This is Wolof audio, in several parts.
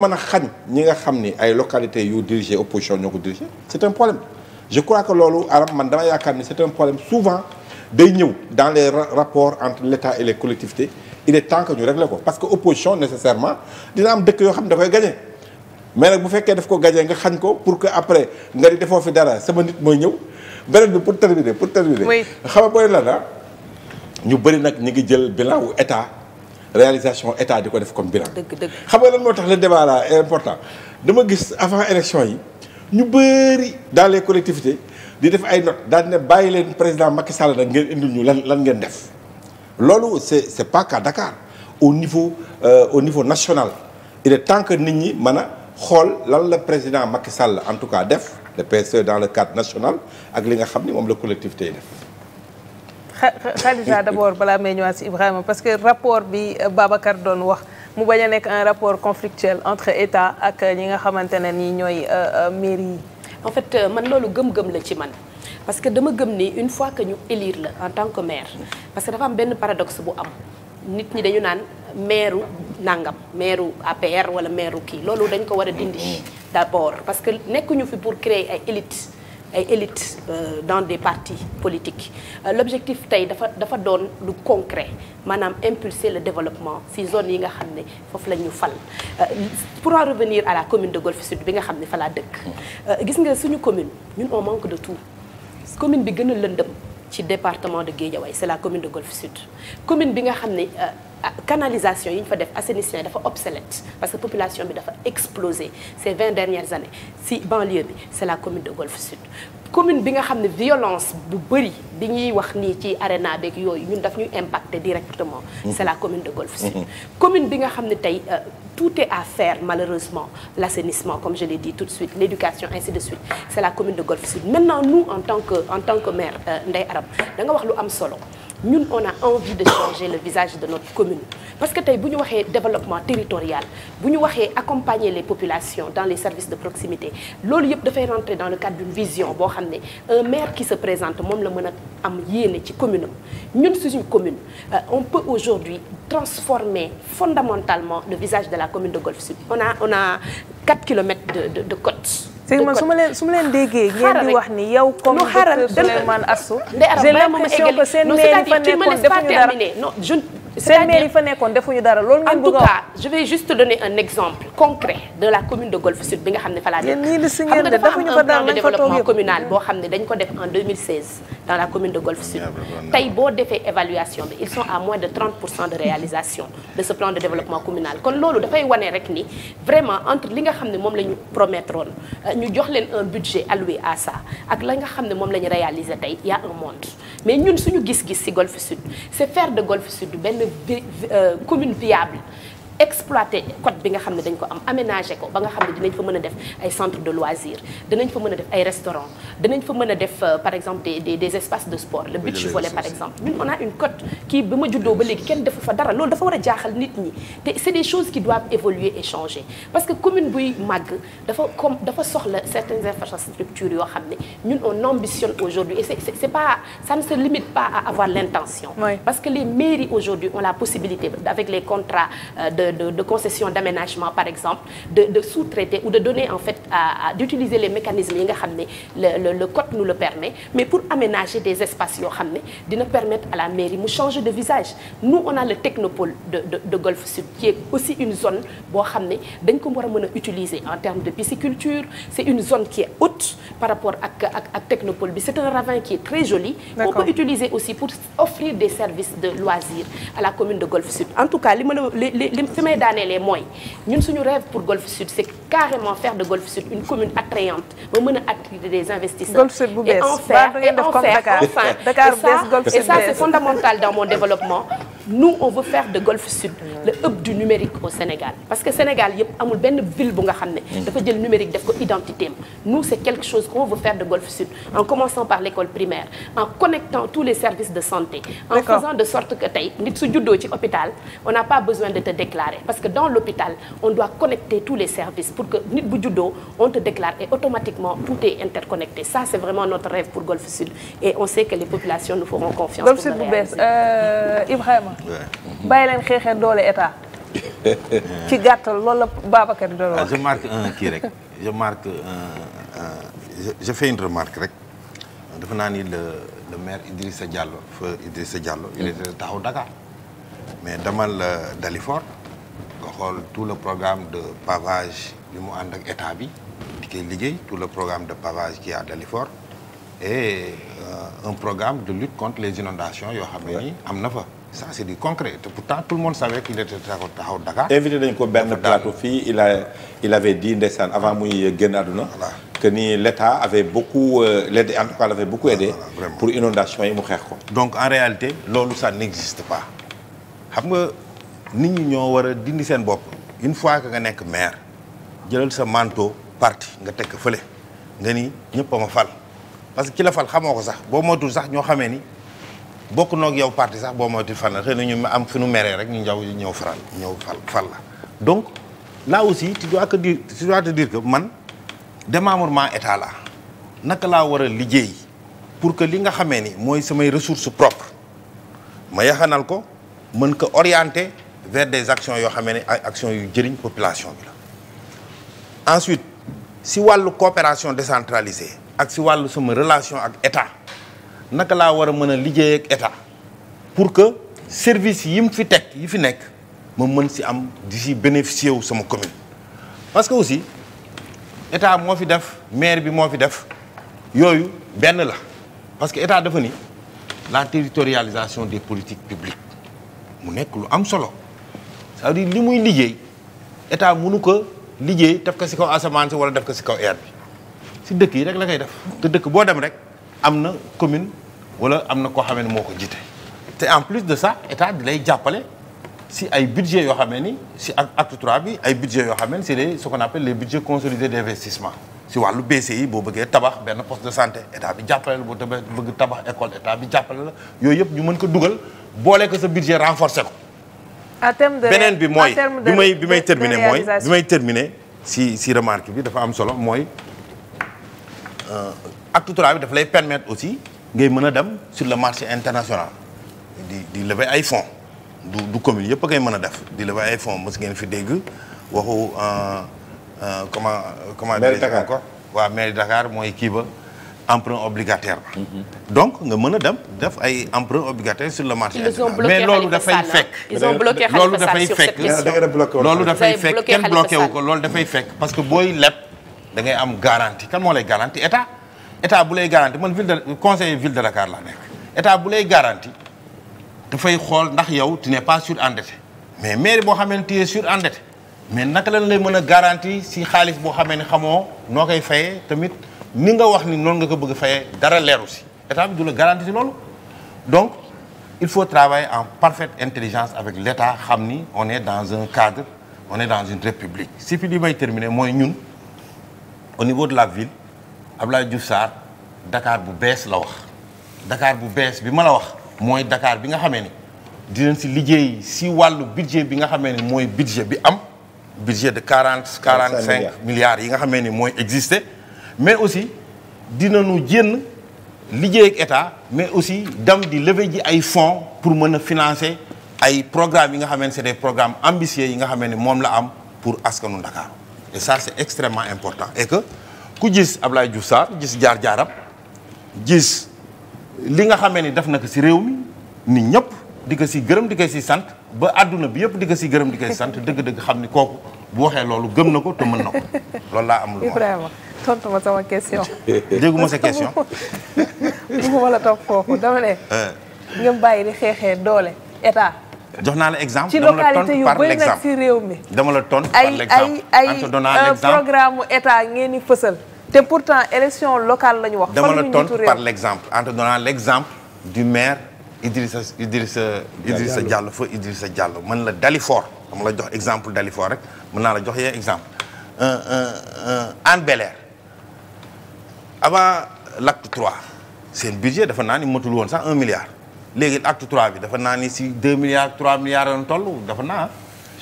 mën a xañ ñi nga xam ni ay localités yu dirigé opposition ñoo ko dirigé c'est un problème je crois que loolu aram man dama yaakaar ni c'est un problème souvent day ñëw dans le rapports entre l'État et les collectivités il est temps que ñu régler ko parce que opposition nécessairement dina am dëkk yoo xam ne da koy mais nag bu fekkee daf ko gagner nga xañ ko pour que après nga di defoo fi dara sama nit mooy ñëw beneen bi pour terminer pour terminer xam nga booy la ah? ñu bëri nag ñu ngi jël bilan wu État réalisation état di ko def comme bilan. dëgg dëgg xam nga lan moo tax le débat là est important dama gis avant élection yi ñu bëri daal les collectivités di def ay notes daal ne bàyyi leen président Macky Sall nag ngeen indil ñu lan lan ngeen def. loolu c' est c' est pas qu'à au niveau euh, au niveau national il est temps que nit ñi mën a xool lan la président Macky Sall en tout cas def le PSE dans le cadre national ak li nga xam ni moom la collectivité yi def. Khadija d'abord balaa may ñëwaat si Ibrahima parce que rapport bi euh, Babacar doon wax mu bañ a nekk un rapport conflictuel entre état ak ñi nga xamante ne nii ñooy euh, euh, mairie yi. en fait man loolu gëm-gëm la ci man parce que dama gëm ni une fois que ñu élire la en tant que maire parce que dafa am benn paradoxe bu am nit ñi dañu naan maireu nangam maireu APR wala maireu kii loolu dañ ko war a dindi mm-hmm. d'abord parce que nekkuñu fi pour créer ay élite ay élites euh, dans des partis politiques euh, l'objectif tey dafa dafa doon lu concret maanaam impulser le développement ci zone yi nga xam ne foofu la ñu fal euh, pour en revenir à la commune de Golf Sud bi nga xam ne falaa dëkk mm. gis nga suñu commune ñun on manque de tout commune bi gën a lëndëm ci département de Guédiawaye c'est la commune de Golf Sud commune bi nga xam ne euh, canalisation yi ñu fa def assainissement dafa obsolète parce que population bi dafa explosé ces vingt dernières années si banlieue bi c'est la commune de Golf Sud commune bi nga xam ne violence bu bëri bi ñuy wax nii ci arena beeg yooyu ñun daf ñuy impacte directement. Mm-hmm. c'est la commune de Golf Sud. Mm-hmm. commune bi nga xam ne tey euh, tout est à faire malheureusement l'assainissement comme je l'ai dit tout de suite l'éducation ainsi de suite c'est la commune de Golf Sud maintenant nous en tant que en tant que maire euh, Ndeye Arame da wax lu am solo. ñun on a envie de changer le visage de notre commune parce que tey bu ñu waxee développement territorial bu ñu waxee accompagner les populations dans les services de proximité loolu yëpp dafay rentrer dans le cadre d'une vision boo xam ne un maire qui se présente moom la mën a am yéene ci commune am ñun suñu commune euh, on peut aujourd'hui transformer fondamentalement le visage de la commune de Golf Sud on a on a 4 kilomètres de de c'est man su ma leen su ma leen déggee. ngeen di wax ni yow comme docteur Souleymane Assou. j'ai l'impression que seen mairie fa nekkoon defuñu dara seen maire yi fa nekkoon defuñu dara loolu ngeen bëgg a en tout cas je vais juste donner un exemple concret de la commune de Golf Sud bi nga xam ne fa laa nekk xam nga dafa am un plan de développement communal boo xam ne dañ ko def en 2016 dans la commune de Golf Sud tey boo defee évaluation bi ils sont à moins de 30 pour cent de réalisation de ce plan de développement communal kon loolu dafay wane rek ni vraiment entre li nga xam ne moom la ñu promettroon euh, ñu jox leen un budget alloué à ça ak la nga xam ne moom la ñu réaliser tey y a un monde mais ñun suñu gis-gis ci Golf Sud c'est faire de Golf Sud benn benn euh, commune viable exploiter côte bi nga xam ne dañ ko am aménager ko ba nga xam ne dinañ fa mën a def ay centre de loisir dinañ fa mën a def ay restaurant dinañ fa mën a def euh, par exemple des espaces de sport le beach volley par exemple ñun on a une côte kii bi ma juddoo ba léegi kenn defu fa dara loolu dafa war a jaaxal nit ñi te c'est des choses qui doivent évoluer et changer parce que commune buy màgg dafa soxla certaines infrastructures yoo xam ne ñun on ambitionne aujourd'hui et c'est c'est pas ont de, de, de concession d'aménagement par exemple de de sous-traiter ou de donner en fait d'utiliser les mécanismes yi nga xam ne le le code nous le permet mais pour aménager des espaces yoo xam ne permettre à la mairie mu changer de visage nous on a le technopole de Golfe Sud qui est aussi une zone boo xam ne dañ ko war a mën a utiliser en termes de pisciculture c'est une zone qui est haute par rapport ak technopole bi c'est un ravin qui est très joli on peut utiliser aussi pour offrir des services de loisirs à la commune de Golfe fi may daaneelee mooy ñun suñu rêve pour Golf Sud c'est carrément faire de Golf Sud une commune attrayante ba mën a des investisseurs. Golf Sud et en faire et en faire enfin et ça et ça c'est mon développement nous on veut faire de Golfe Sud le hub du numérique au Sénégal parce que Sénégal yëpp amul benn ville bu nga xam ne dafa jël numérique def ko identité am nous c'est quelque chose qu'on veut faire de Golfe Sud en commençant par l'école primaire en connectant tous les services de santé en faisant de sorte que tey nit su juddoo ci hôpital on n'a pas besoin de te déclarer parce que dans l'hôpital on doit connecter tous les services pour que nit bu juddoo on te déclare et automatiquement tout est interconnecté ça c'est vraiment notre rêve pour Golfe Sud et on sait que bàyyi leen doole état. ci gàttal loolu la Babacar doon wax. Ah, je marque un kii rek je marque un je une remarque rek dafa naa ni le le maire Idrissa Diallo feu Idrissa Diallo. il était taxaw Dakar mais demal Dalifort nga xool tout le programme de pavage li mu ànd ak état bi di liggéey tout le programme de pavage qui a Dalifort et euh, un programme de lutte contre les inondations yoo xam ne nii am na fa. ça c'est du concret te pourtant tout le monde savait qu'il était taxaw Dakar. invité nañu ko benn plateau fii il a il avait dit ndeysaan avant muy génn àdduna. que ni l'État avait beaucoup euh, l'aide en tout cas l'avait beaucoup aidé. pour inondation yi mu xeex ko. donc en réalité loolu ça n'existe pas xam nga nit ñi ñoo war a dindi seen bopp une fois que nga nekk maire jëlal sa manteau parti nga teg fële nga ni ñëpp a fal parce que ki la fal xamoo ko sax boo moytuwul sax ñoo xamee ni. bokk noog yow parti sax boo moytu fan la xëy nañu ñu am fi nu meree rek ñu njaw ñëw faral ñëw fal fal la donc laa aussi tu dois que dire tu dois te dire que man démembrement état la naka laa war a liggéey pour que li nga xamee ni mooy samay ressources propres ma yaxanal ko mën ko orienter vers des actions yoo xamee ni ay actions yu jëriñ population bi la ensuite si wàllu coopération décentralisée ak si wàllu sama relation ak état naka laa war a mën a liggéey ak pour que service yi mu fi teg yi fi nekk ma mën si am di si bénéficier wu sama commune parce que aussi état moo fi def maire bi moo fi def yooyu benn la parce que état dafa ni la territorialisation des politiques publiques mu nekk lu am solo cest à li muy liggéey état mënu ko liggéey def ko si kaw asamaan si wala def ko si kaw air bi si dëkk yi rek la koy def te dëkk boo dem rek am na commune wala am na koo xamee ne moo ko jiite te en plus de sax état di lay jàppale si ay budget yoo xamee ni si ak trois bi ay budget yoo xamee ni c'est les ce qu'on appelle les budgets consolidés d'investissement si wàllu BCI boo bëggee tabax benn poste de santé état bi jàppale la boo bëgg tabax école état bi jàppale la yooyu yëpp ñu mën ko dugal boole ko sa budget renforcer ko. à beneen bi mooy bi may bi may terminer mooy bi may terminer si si remarque bi dafa am solo mooy. Euh, acte trois bi daf lay permettre aussi ngay mën a dem sur le marché international di di lever ay fonds du du commune yëpp a koy mën a def di lever ay fonds mos ngeen fi dégg waxu euh, euh, comment euh, comment. mairie Dakar ko waaw mairie Dakar mooy kii ba emprunt obligataire ba. Mm-hmm. donc nga mën a dem def ay emprunt obligataire sur le marché. mais loolu dafay fekk. ils ont bloqué loolu dafay fekk loolu dafay fekk kenn bloqué wu ko loolu dafay fekk parce que booy leb da ngay am garantie kan moo lay garantie état. état bu lay garanti man ville de conseiller ville de Dakar laa nekk état bu lay garanti dafay xool ndax yow tu n'es pas surendetté mais mairie boo xamee sur tu es surendetté mais naka lañ lay mën a garanti si xaalis boo xamee ne xamoo noo koy fayee tamit ni nga wax ni noonu nga ko bëgg a fayee dara leeru si état bi du garanti si loolu donc il faut travailler en parfait intelligence avec l'État xam ni on est dans un cadre on dans une république si fi li terminer mooy ñun au niveau de la ville Abdoulaye Diouf Sarr Dakar bu bees la wax Dakar bu bees bi ma la wax mooy dakaar bi nga xamee ni dinañ si liggéey si wàllu budget bi nga xamee ni mooy budget bi am budget de quarante quarante cinq milliards yi nga xamee ni mooy exister mais aussi dinañu jénn liggéey état mais aussi dem di lever ji ay fonds pour mën a financer ay programmes yi nga ne c'est des programmes yi nga xamee ni moom la am pour askanu Dakar et ça c'est extrêmement important et que ku gis Ablaye Diouf Sarr gis jaar-jaaram gis li nga xamee ni def na ko si réew mi nit ñëpp di ko si gërëm di ko si sant ba àdduna bi yëpp di ko si gërëm di si sant dëgg-dëgg xam ni kooku bu waxee loolu gëm na ko te mën na ko loolu laa am. lu ma Ibrahima tontu sama question. dégguma sa question. bëgguma la toog foofu dama ne. Eh. nga bàyyi di xeexee doole état. jox mi dama la tontu par l'exemple dama la tontu par l'exemple ay ay programme état ngeen di fësal. te pourtant élection locale la ñu wax. dama la tontu par l' exemple en te donnant l' maire du maire Idrissa sa Idrissa Diallo fa sa Diallo man la Dalifor dama la jox exemple Dalifor rek mën naa la jox yee exemple un un un Hann bel avant l' seen budget dafa naa ni matul woon sax un milliard léegi acte 3 bi dafa naa ni si deux milliards trois milliards yoon toll dafa naa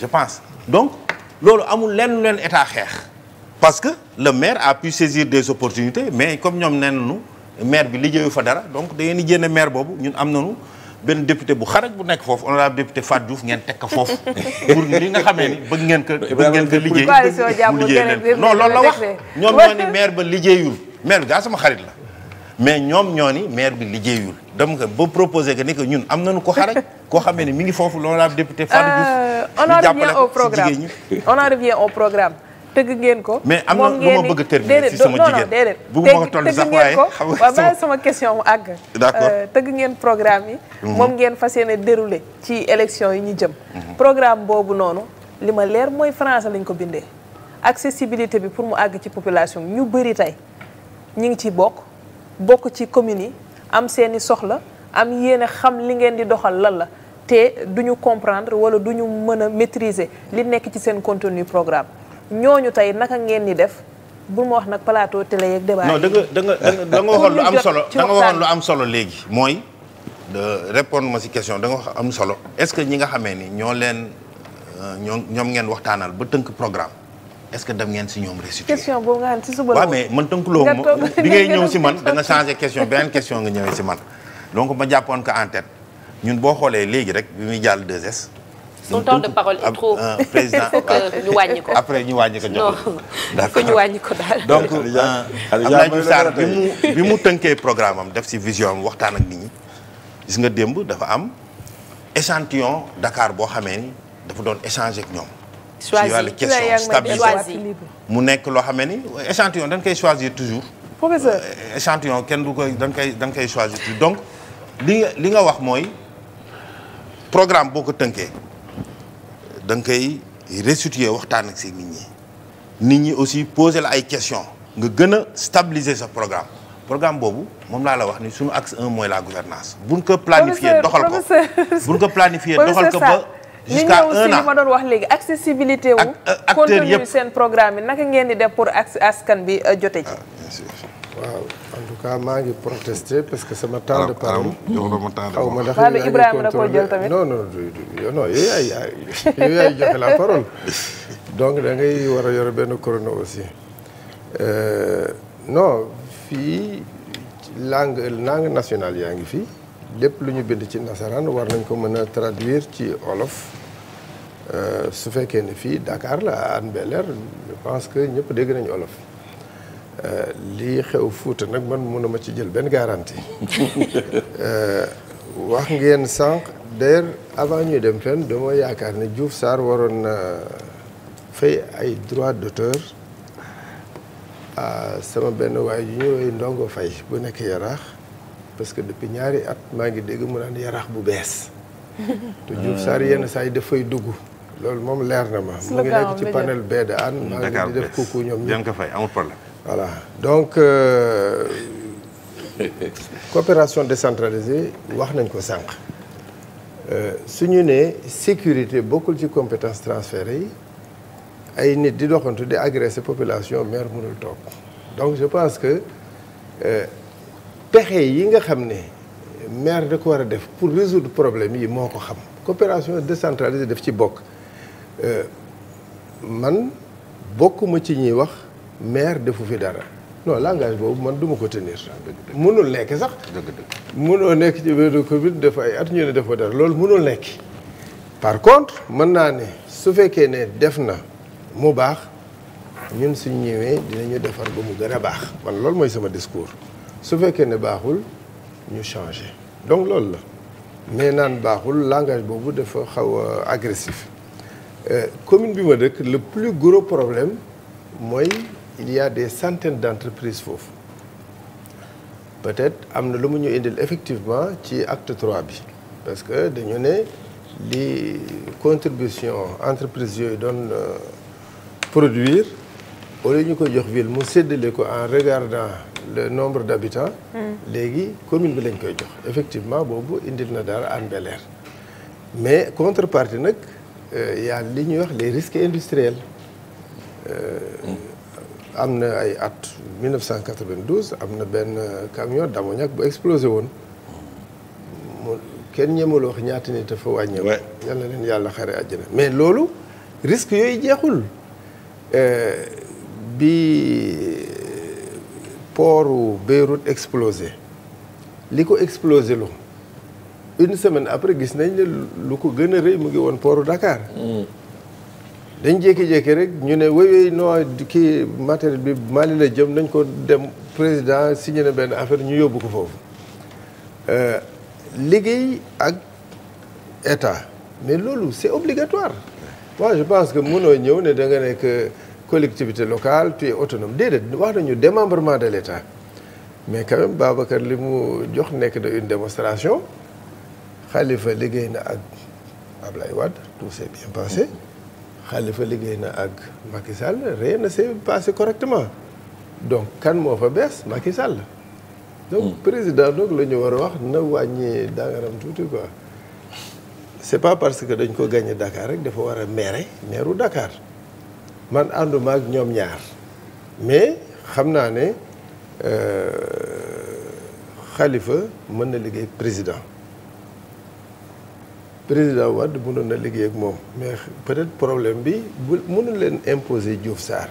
je pense donc loolu amul lenn leen état xeex. parce que le maire a pu saisir des opportunités mais comme ñoom nee nañu maire bi liggéeyu fa dara donc da ngeen di génne maire boobu ñun am nañu benn député bu xarak bu nekk foofu honorable député Fatou Diouf ngeen teg ko foofu pour li nga xamee bëgg ngeen ko bëgg ngeen leen non loolu la wax ñoo ni maire ba liggéeyul maire bi sama xarit la mais ñoom ñoo ni maire bi liggéeyul dem ko ba proposé que ni que ñun am na nañu ko xarak koo xamee ni mi ngi foofu l'honorable député Fatou Diouf euh, on en revient au programme on programme tëgg ngeen ko. mais am na lu ma bëgg a terminer déedéet bu ma ko toll sax waaye xam nga sama sama question mu àgg. Euh, tëgg ngeen programme yi. Mhm. moom ngeen fa yéene déroulé ci élection yi ñu jëm. Mhm. programme boobu noonu li ma leer mooy français lañ ko bindee. accessibilité bi pour mu àgg ci population ñu bëri tey ñu ngi ci bokk bokk ci communes yi am seeni soxla am yéene xam li ngeen di doxal lan la te duñu comprendre wala duñu mën a maîtriser li nekk ci seen contenu programme. ñooñu tey naka ngeen ni def bul ma wax nag plateau télé yeeg débat non da nga da nga da nga lu am solo da nga waxoon lu am solo léegi mooy de répondre ma si question da wax am solo est-ce que ñi nga xamee ni ñoo leen euh, ñoo ñoom ngeen waxtaanal ba tënk programme est-ce que dem ngeen si ñoom restituer question boobu nga xam si suba la waaw mais man tënkuloo ma bi ngay ñëw si man da nga changé question beneen question nga ñëwee si man donc ma jàppoon ko en ñun boo xoolee léegi rek bi muy jàll 2S son temps ko après ñu wàññi ko jox ko ñu donc euh, bi mu tënkee programme am def si vision am waxtaan ak nit ñi gis nga démb dafa am échantillon dakaar boo xamee ni dafa doon échanger ñoom choisir wàllu question stabilité mu nekk loo xamee ni échantillon dañ koy choisir toujours professeur euh, échantillon kenn du koy dañ koy dañ koy choisir toujours donc li nga li nga wax mooy programme boo ko tënkee da nga koy restituer waxtaan ak si nit ñi nit ñi aussi poser la ay question nga gën a stabiliser sa programme programme boobu moom laa la wax ni suñu axe un mooy la gouvernance buñ ko planifier doxal ko buñ ko planifier doxal ko ba jusqu'à un an ñu ma doon wax léegi accessibilité wu. ak euh, yëpp seen programme yi naka ngeen di def pour askan bi euh, jote ci. Ah, waaw en tout cas maa ngi protester parce que sama temps de parole. xaw ma ndax Ibrahima da koo jël tamit non non non yooyu ay yooyu yaay joxe la parole. donc da ngay war a yor benn chrono aussi euh, non fii langue langue nationale yaa ngi fii. lépp lu ñu bind ci nasaraan war nañ ko mën a traduire ci wolof euh, su fekkee ni fii Dakar la à Hann bel je pense que ñëpp dégg nañu olof euh, lii xew Fuuta nag man mënuma ci jël benn garantie euh, wax ngeen sànq d'ailleurs avant ñuy dem fenn dama yaakaar ne Diouf Sarr waroon na fay ay droits d'auteur sama benn waay yu ñuy ndongo fay bu nekk yaraax parce que depuis ñaari at maa ngi dégg mu naan yaraax bu bees. te Diouf Sarr yenn saa yi dafay dugg. loolu moom leer na ma. mu ngi nekk ci panel B de Anne. Mm, maa ngi def kooku ñoom ñëpp jànk fay amul problème. voilà donc euh, coopération décentralisée wax nañ ko sànq. Euh, su ñu ne sécurité bokkul ci compétence transférée yi ay nit di doxantu di agresser population maire mënul toog donc je pense que. Euh, pexe yi nga xam ne maire da ko war a def pour résoudre problème yi moo ko xam coopération décentralisée def ci bokk euh, man bokkuma ci ñuy wax maire defu fi dara loolu langage boobu man duma ko tenir mënul nekk sax mënoo nekk ci wéru commune def ay at ñu ne defoo dara loolu mënul nekk par contre mën naa ne su fekkee ne def na mu baax ñun suñ ñëwee dinañu defar ba mu gën a baax man loolu mooy sama discours su fekkee ne baaxul ñu changer donc loolu la mais naan baaxul langage boobu dafa xaw a agressif euh, commune bi ma dëkk le plus gros problème mooy il y a des centaines foofu peut-être am na lu mu ñu indil effectivement ci acte trois bi parce que dañu ne li contribution entreprise yooyu doon euh, produire au lieu ñu ko jox ville mu séddale ko en regardant le nombre d' habitants. Hmm. léegi commune bi lañ koy jox effectivement boobu indil na dara Hann Bel-Air mais contrepartie nag euh, y li ñuy wax les risques industriels. Euh, am na ay at 1992 am na benn camion d'ammoniac bu explosé woon mu kenn ñemul wax ñaata nit dafa wàññeeku. yal leen yàlla xare àjjana mais loolu risque yooyu jeexul euh, bi. pooru Beyrouth explosé li ko explosé lu une semaine après gis nañ lu ko gën a rëy mu ngi woon pooru Dakar. Mm. dañ jékki-jékki rek ñu ne wey wey noo kii matériel bi Mali la jëm nañ ko dem président signé na benn affaire ñu yóbbu ko foofu euh, liggéey ak état mais loolu c'est obligatoire moi je pense que mënoo ñëw ne da nekk. collectivité locale tu es autonome déedéet wax nañu démembrement de l'État mais quand même li mu jox nekk na une démonstration Khalifa liggéey na ak Ablaye Wade tout s'est bien passé Khalifa liggéey na ak Macky Sall rien ne s'est correctement donc kan moo fa bees Macky Sall donc hmm. président donc la ñu war a wax na wàññi dangaram tuuti quoi c'est pas parce que dañ ko gagné Dakar rek dafa war a maire maireu Dakar man ànduma ak ñoom ñaar mais xam naa ne xalifa euh, mën na liggéey président président Wade mënoon na liggéey ak moom mais peut-être problème bi bu mënul leen imposer Diouf Sarr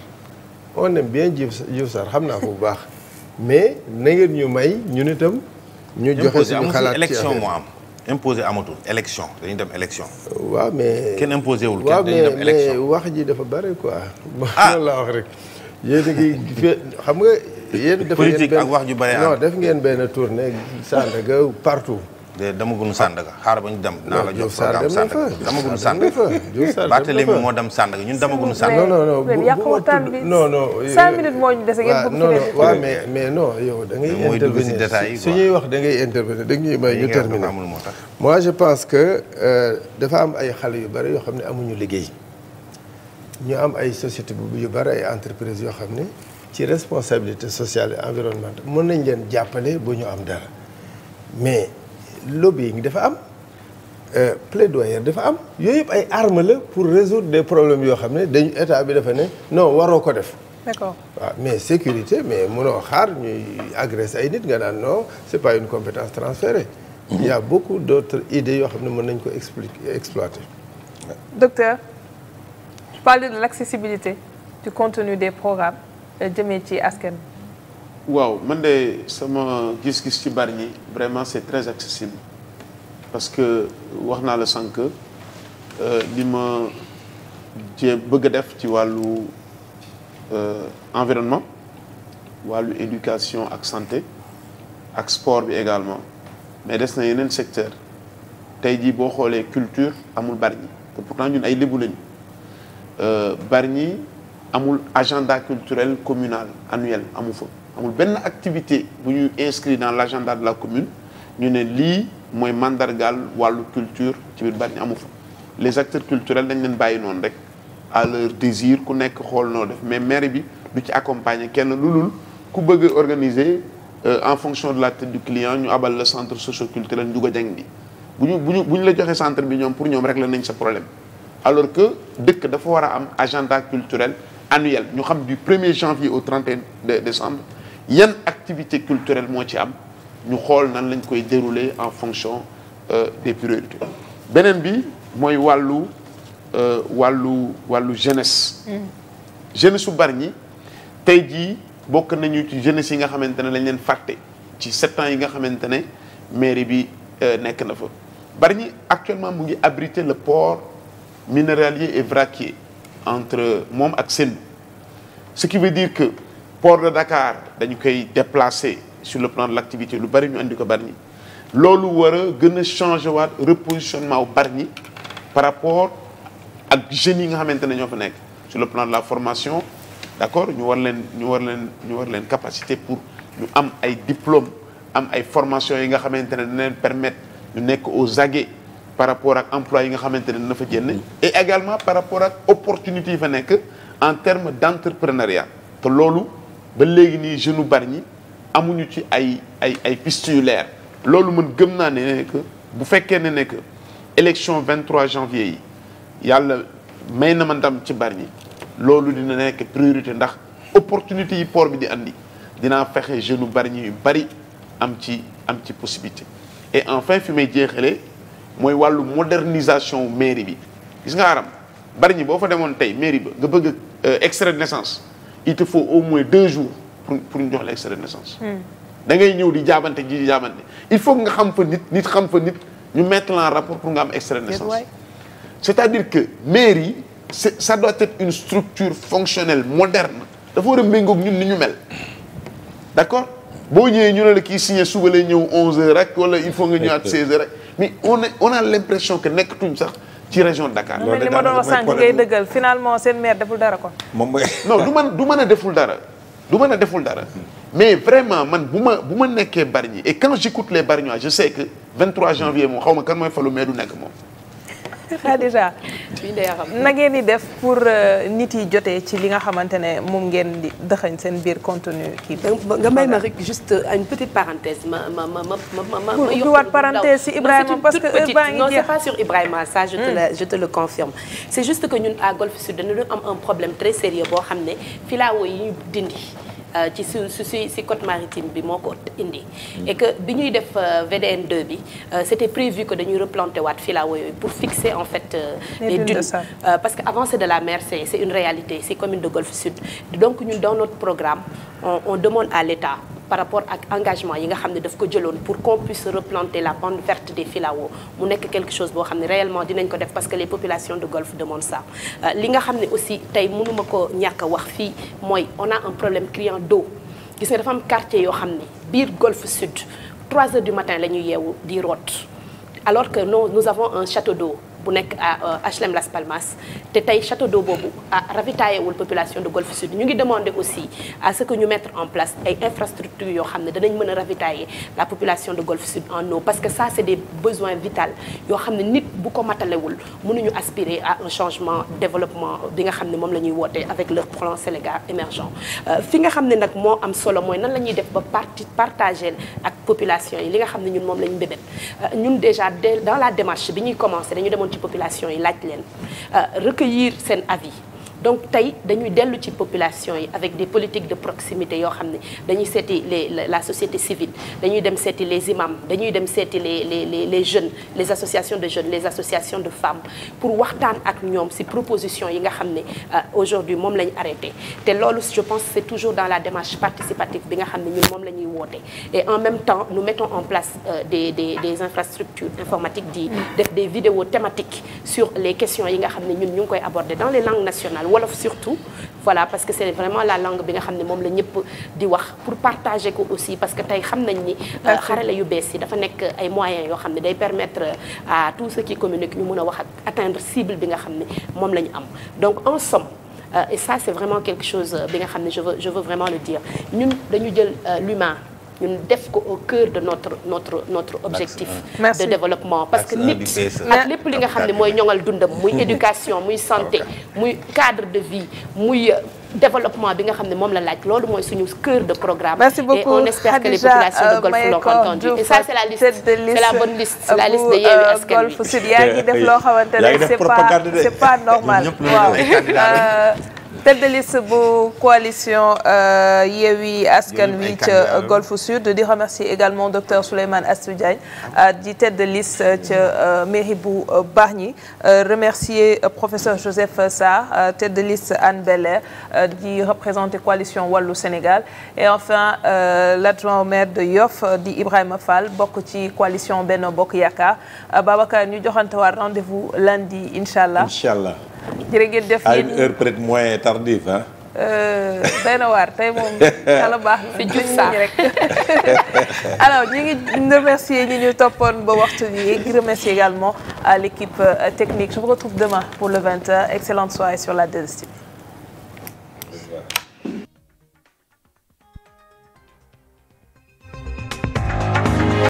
on aime bien Diouf Diouf Sarr xam naa ko bu baax mais na ngeen ñu may ñun itam. ñu joxe suñu xalaat ci élection am. imposé amatul élection dañu dem élection. Euh, waaw mais kenn imposé wul. kenn dañuy dem élection mais wax ji dafa bari quoi. ah la wax rek. yéen a xam nga. yéen def ngeen politique ak wax ju bari non def ngeen benn tourne tournée Sandaga partout. de damaguñu Sandaga xaaral ba ñu dem. naa la jox programme Sandaga damaguñu Sandaga. Barthélemy moo dem Sandaga ñun damaguñu Sandaga. non non bu yàq waxtaan bi non non. cinq minutes moo ñu dese ngeen bëgg. non non waaw mais mais non yow da ngay. intervenir su ñuy wax da ngay intervenir da ñuy may ñu terminer. moi je pense que euh, dafa am ay xale yu bari yoo xam ne amuñu liggéey ñu am ay société bu yu bari ay entreprise yoo xam ne ci responsabilité sociale et environnementale mën nañ leen jàppale bu ñu am dara mais. lobbying dafa am euh, plaidoyer dafa am yooyu yëpp ay arme la pour résoudre des problèmes yoo xam ne dañu état bi dafa ne non waroo ko def. d'accord waaw mais sécurité mais munoo xaar ñuy agressé ay nit nga naan non c'est pas une compétence transférée. il y beaucoup d'autres idées yoo xam ne mën nañ ko expliquer exploiter. docteur je parlais de l'accessibilité du contenu des programmes euh, jëmee ci askan waaw man de sama gis-gis ci Bargny vraiment c'est très accessible parce que wax naa la sànq euh, li ma jéem bëgg a def ci wàllu euh, environnement wàllu éducation ak santé ak sport bi également mais des na yeneen secteur tey jii boo xoolee culture amul Bargny te pourtant ñun ay lébu lañu euh, Bargny amul agenda culturel communal annuel amu fa. amul benn activité bu ñu inscrit dans l' de la commune ñu ne lii mooy mandargaal wàllu culture ci biir Bargny amu fa les acteurs culturels dañ leen bàyyi noonu rek à leur désir ku nekk xool noo def mais maire bi du ci accompagner kenn lulul ku bëgg organiser euh, en fonction de la tête du client ñu abal le centre socio-culturel Ndiouga Dieng bi bu ñu bu ñu bu la joxee centre bi ñoom pour ñoom rek la nañ sa problème alors que dëkk dafa war a am agenda culturel annuel ñu xam du 1er janvier au 31 décembre yan activité culturelle moo ci am ñu xool nan lañ koy dérouler en fonction euh, des priorités beneen bi mooy wàllu euh, wàllu wàllu jeunesse mm. jeunesse su Bargny tey jii bokk nañu ci jeunesse yi nga xamante ne lañ leen fàtte ci sept ans yi nga xamante ne mairie bi euh, nekk na fa Bargny actuellement mu ngi abriter le port minéralier et vraquier entre moom ak Sendou ce qui veut dire que port de Dakar dañu koy déplacer sur le plan de l'activité lu bari ñu andi ko Bargny loolu war a gën a changer waat repositionnement wu Bargny par rapport ak jeunes yi nga xamante ne ñoo fa nekk sur le plan de la formation d'accord ñu war leen ñu war leen ñu war leen capacité pour ñu am ay diplômes am ay formations yi nga xamante ne dina leen permettre ñu nekk aux aguets par rapport ak emploi yi nga xamante ne dina fa génn et également par rapport ak opportunité yi fa nekk en terme d'entrepreneuriat te loolu ba léegi nii jeune bari ñi amuñu ci ay ay ay fistulaire loolu mën gëm naa ne que bu fekkee ne ne que élection 23 janvier yi yàlla may na ma ndam ci bari ñi loolu dina nekk priorité ndax opportunité yi port bi di andi dinaa fexe jeune bari ñi yu bari am ci am ci possibilité. et enfin fi may jeexalee mooy wàllu modernisation mairie bi gis nga aram bari ñi boo fa demoon tey mairie ba nga bëgg euh, extrait de naissance. it te faut au moins deux jours pour pour ñu jox la extrait de naissance. Hmm. da ngay ñëw di jaabante ji di jaabante il faut nga xam fa nit nit xam fa nit ñu mettre la en rapport pour nga am extrait de naissance. c'est-à-dire que mairie c'est ça doit être une structure fonctionnelle moderne dafa war a méngoog ñun ni ñu mel d'accord boo ñëwee ñu ne la kii signé suba lay ñëw 11h rek wala il faut nga ñëwaat 16h rek mais on a on a l'impression que nekkatuñ sax. ci région de Dakar. loolu li ma doon wax sànq ngay dëggal finalement seen maire deful dara kon. moom du man du mën a deful dara du mën a deful dara. mais vraiment man bu ma bu ma nekkee Bargny ut quand j'écoute les Bargnois je sais que 23 janvier moom xaw ma kan mooy falu mais du nekk moom. Ah, na ngeen di def pour euh, nit yi jotee ci li nga xamante ne moom ngeen di dëxañ seen biir contenu kii nga may ma rek juste euh, une petite parenthèse ma ma ma ma ma ma yokk parenthèse si Ibrahima parce que heure baa Ibrahima ça je te hmm. le je te juste que ñu à Golf Sud dañu doon am un problème très sérieux boo xam ne filao yi ñu dindi Euh, ci su si si côte maritime bi moo ko indi. et que bi ñuy def euh, VDN 2 bi euh, c'était prévu que dañuy replanter waat filao yooyu pour fixer en fait. les dunes parce que avancée de la mer c'est une réalité si commune de Golfe Sud donc ñun dans notre programme on on demande à l'État par rapport ak engagement yi nga xam ne daf ko jëloon pour qu'on puisse replanter la bande verte des filao mu nekk quelque chose boo xam ne réellement dinañ ko def parce que les populations de golfe demandent ça euh, li nga xam ne aussi tey mënuma ko ñàkk wax fii mooy on a un problème criant d'eau gis nga dafa am quartier yoo xam ne biir golfe sud trois heures du matin la ñuy yeewu di root alors que nous nous avons un château d'eau bu nekk à HLM euh, Las Palmas te tey château d'eau boobu ah, ravitaillé wul population de Golfe Sud ñu ngi demander aussi à ce que ñu mettre en place ay infrastructures yoo xam ne danañ mën a ravitailler la population de Golfe Sud en eau parce que ça c'est des besoins vitaux yoo xam ne nit bu ko matalewul mënuñu aspirer à un changement développement bi nga xam ne moom la woote avec leur plan Sénégal émergent euh, fi nga xam ne nag moo am solo mooy nan la ñuy yi li nga xam ne ñun moom ci population yi laaj leen euh, recueillir seen avis donc tey dañuy dellu ci population yi avec des politiques de proximité yoo xam ne dañuy seeti les la société civile dañuy dem seeti les imams dañuy dem seeti les les les jeunes les associations de jeunes les associations de femmes pour waxtaan ak ñoom ci proposition yi nga xam ne euh, aujourd'hui moom la ñu te loolu je pense c'est toujours dans la démarche participative bi nga xam ne ñun moom la ñuy woote et en même temps nous mettons en place euh, des des des mm. def des vidéos thématiques sur les questions yi nga xam ne ñun ñu ngi koy aborder dans wolof surtout voilà parce que c'est vraiment la langue bi nga xam ne moom la ñëpp di wax pour partager ko aussi parce que tey xam nañ ni euh, xarala yu bees yi dafa nekk ay moyens yoo xam ne day permettre euh, à tous ceux qui communiquent ñu mun a wax ak attendre cible bi nga xam ne moom la ñu am donc en somme euh, et ça c'est vraiment quelque chose bi nga xam ne je veux je veux vraiment le dire ñun dañu jël l'humain ñun def ko au cœur de notre notre objectif de développement parce que nit ak lépp li nga xam ne mooy ñoŋal dundam muy éducation muy santé muy cadre de vie muy euh, développement bi nga xam ne moom la laaj loolu mooy suñu cœur de programme. merci on espère que les de golf euh, l'ont entendu et ça c'est la liste c'est liste c'est liste de euh, Yewwi Askan Wi. def loo xamante ne c'est pas normal tête de liste bu coalition euh, Yewwi Askan Wi ca Golf Sud di remercier également docteur Souleymane Astou Diagne euh, di tête de liste euh, ca mairie bu Bargny remercier professor Joseph Sarr tête de liste Anne Belair di représenter coalition Wallu Sénégal et enfin l'adjoint au maire de Yoff di Ibrahima fal bokk ci coalition Benno Bokk Yaakaar Babacar ñu joxante waat rendez-vous lundi incha allah. jërë ngeen def yéen à une heure peut-être moyen tardive ah. day na waar tey moom kala baax fi jur saa rek alors ñu ngi ba waxtu yi ngi remercier également à l'équipe euh, technique je vous retrouve demain pour le vingt h excellente soirée sur la 2